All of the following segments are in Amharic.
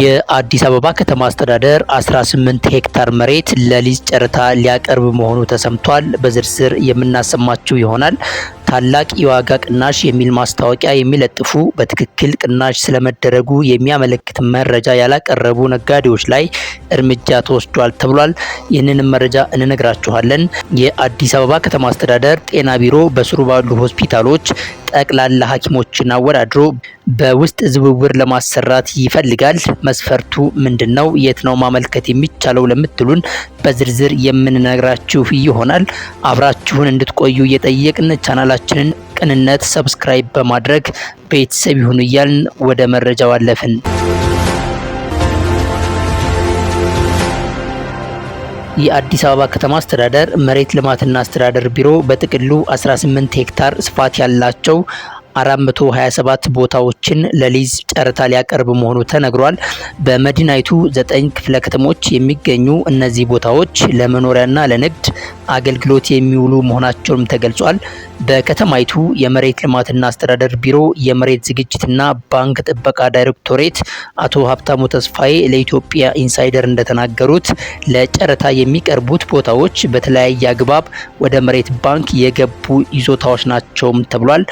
የአዲስ አበባ ከተማ አስተዳደር 18 ሄክታር መሬት ለሊዝ ጨረታ ሊያቀርብ መሆኑ ተሰምቷል። በዝርዝር የምናሰማችሁ ይሆናል። ታላቅ የዋጋ ቅናሽ የሚል ማስታወቂያ የሚለጥፉ በትክክል ቅናሽ ስለመደረጉ የሚያመለክት መረጃ ያላቀረቡ ነጋዴዎች ላይ እርምጃ ተወስዷል ተብሏል። ይህንንም መረጃ እንነግራችኋለን። የአዲስ አበባ ከተማ አስተዳደር ጤና ቢሮ በስሩ ባሉ ሆስፒታሎች ጠቅላላ ሐኪሞችን አወዳድሮ በውስጥ ዝውውር ለማሰራት ይፈልጋል። መስፈርቱ ምንድን ነው? የት ነው ማመልከት የሚቻለው? ለምትሉን በዝርዝር የምንነግራችሁ ይሆናል። አብራችሁን እንድትቆዩ እየጠየቅን ቻናላችንን ቅንነት ሰብስክራይብ በማድረግ ቤተሰብ ይሁኑ እያልን ወደ መረጃው አለፍን። የአዲስ አበባ ከተማ አስተዳደር መሬት ልማትና አስተዳደር ቢሮ በጥቅሉ 18 ሄክታር ስፋት ያላቸው 427 ቦታዎችን ለሊዝ ጨረታ ሊያቀርብ መሆኑ ተነግሯል። በመዲናይቱ ዘጠኝ ክፍለ ከተሞች የሚገኙ እነዚህ ቦታዎች ለመኖሪያና ለንግድ አገልግሎት የሚውሉ መሆናቸውም ተገልጿል። በከተማይቱ የመሬት ልማትና አስተዳደር ቢሮ የመሬት ዝግጅትና ባንክ ጥበቃ ዳይሬክቶሬት አቶ ሀብታሙ ተስፋዬ ለኢትዮጵያ ኢንሳይደር እንደተናገሩት ለጨረታ የሚቀርቡት ቦታዎች በተለያየ አግባብ ወደ መሬት ባንክ የገቡ ይዞታዎች ናቸውም ተብሏል።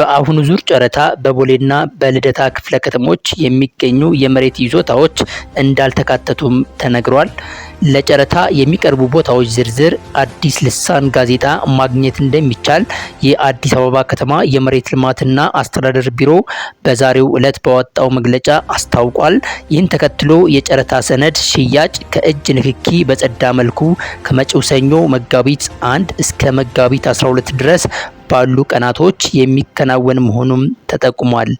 በአሁኑ ዙር ጨረታ በቦሌና በልደታ ክፍለ ከተሞች የሚገኙ የመሬት ይዞታዎች እንዳልተካተቱም ተነግሯል። ለጨረታ የሚቀርቡ ቦታዎች ዝርዝር አዲስ ልሳን ጋዜጣ ማግኘት እንደሚቻል የአዲስ አበባ ከተማ የመሬት ልማትና አስተዳደር ቢሮ በዛሬው ዕለት ባወጣው መግለጫ አስታውቋል። ይህን ተከትሎ የጨረታ ሰነድ ሽያጭ ከእጅ ንክኪ በጸዳ መልኩ ከመጪው ሰኞ መጋቢት አንድ እስከ መጋቢት 12 ድረስ ባሉ ቀናቶች የሚከናወን መሆኑም ተጠቁሟል።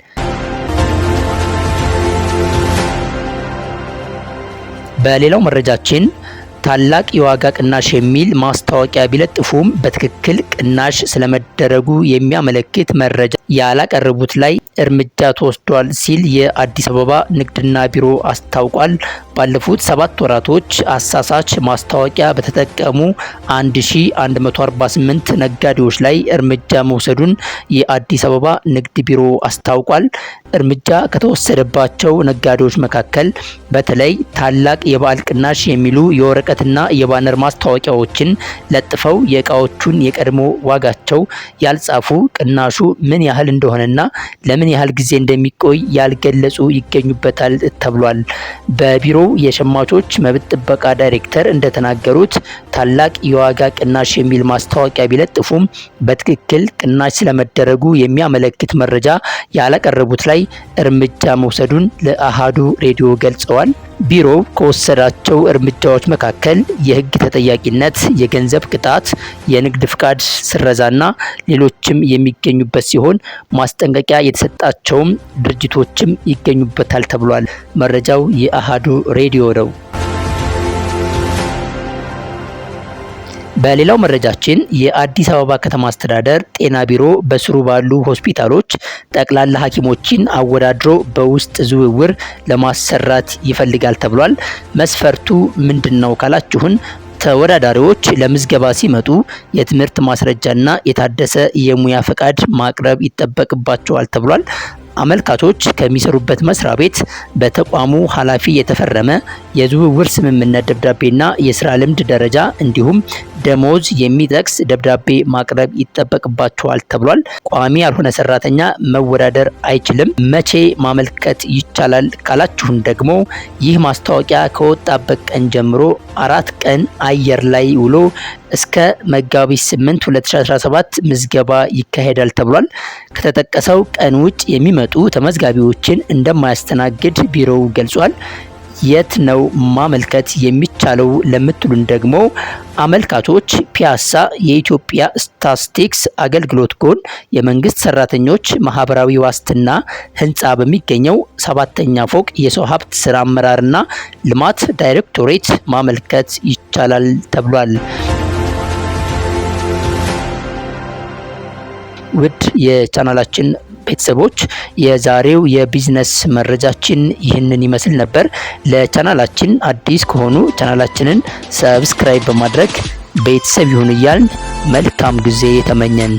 በሌላው መረጃችን ታላቅ የዋጋ ቅናሽ የሚል ማስታወቂያ ቢለጥፉም በትክክል ቅናሽ ስለመደረጉ የሚያመለክት መረጃ ያላቀረቡት ላይ እርምጃ ተወስዷል ሲል የአዲስ አበባ ንግድና ቢሮ አስታውቋል። ባለፉት ሰባት ወራቶች አሳሳች ማስታወቂያ በተጠቀሙ 1148 ነጋዴዎች ላይ እርምጃ መውሰዱን የአዲስ አበባ ንግድ ቢሮ አስታውቋል። እርምጃ ከተወሰደባቸው ነጋዴዎች መካከል በተለይ ታላቅ የበዓል ቅናሽ የሚሉ የወረቀ ወረቀትና የባነር ማስታወቂያዎችን ለጥፈው የእቃዎቹን የቀድሞ ዋጋቸው ያልጻፉ ቅናሹ ምን ያህል እንደሆነና ለምን ያህል ጊዜ እንደሚቆይ ያልገለጹ ይገኙበታል ተብሏል። በቢሮው የሸማቾች መብት ጥበቃ ዳይሬክተር እንደተናገሩት ታላቅ የዋጋ ቅናሽ የሚል ማስታወቂያ ቢለጥፉም በትክክል ቅናሽ ስለመደረጉ የሚያመለክት መረጃ ያላቀረቡት ላይ እርምጃ መውሰዱን ለአሃዱ ሬዲዮ ገልጸዋል። ቢሮው ከወሰዳቸው እርምጃዎች መካከል መካከል የህግ ተጠያቂነት፣ የገንዘብ ቅጣት፣ የንግድ ፍቃድ ስረዛና ሌሎችም የሚገኙበት ሲሆን ማስጠንቀቂያ የተሰጣቸውም ድርጅቶችም ይገኙበታል ተብሏል። መረጃው የአሃዱ ሬዲዮ ነው። በሌላው መረጃችን የአዲስ አበባ ከተማ አስተዳደር ጤና ቢሮ በስሩ ባሉ ሆስፒታሎች ጠቅላላ ሐኪሞችን አወዳድሮ በውስጥ ዝውውር ለማሰራት ይፈልጋል ተብሏል። መስፈርቱ ምንድን ነው ካላችሁን ተወዳዳሪዎች ለምዝገባ ሲመጡ የትምህርት ማስረጃና የታደሰ የሙያ ፈቃድ ማቅረብ ይጠበቅባቸዋል ተብሏል። አመልካቾች ከሚሰሩበት መስሪያ ቤት በተቋሙ ኃላፊ የተፈረመ የዝውውር ስምምነት ደብዳቤና የስራ ልምድ ደረጃ እንዲሁም ደሞዝ የሚጠቅስ ደብዳቤ ማቅረብ ይጠበቅባቸዋል ተብሏል። ቋሚ ያልሆነ ሰራተኛ መወዳደር አይችልም። መቼ ማመልከት ይቻላል ካላችሁን ደግሞ ይህ ማስታወቂያ ከወጣበት ቀን ጀምሮ አራት ቀን አየር ላይ ውሎ እስከ መጋቢት 8 2017 ምዝገባ ይካሄዳል ተብሏል። ከተጠቀሰው ቀን ውጭ የሚመጡ ተመዝጋቢዎችን እንደማያስተናግድ ቢሮው ገልጿል። የት ነው ማመልከት የሚቻለው ለምትሉን ደግሞ አመልካቾች ፒያሳ የኢትዮጵያ ስታስቲክስ አገልግሎት ጎን የመንግስት ሰራተኞች ማህበራዊ ዋስትና ህንፃ በሚገኘው ሰባተኛ ፎቅ የሰው ሀብት ስራ አመራርና ልማት ዳይሬክቶሬት ማመልከት ይቻላል ተብሏል። ውድ የቻናላችን ቤተሰቦች የዛሬው የቢዝነስ መረጃችን ይህንን ይመስል ነበር። ለቻናላችን አዲስ ከሆኑ ቻናላችንን ሰብስክራይብ በማድረግ ቤተሰብ ይሁን እያልን መልካም ጊዜ የተመኘን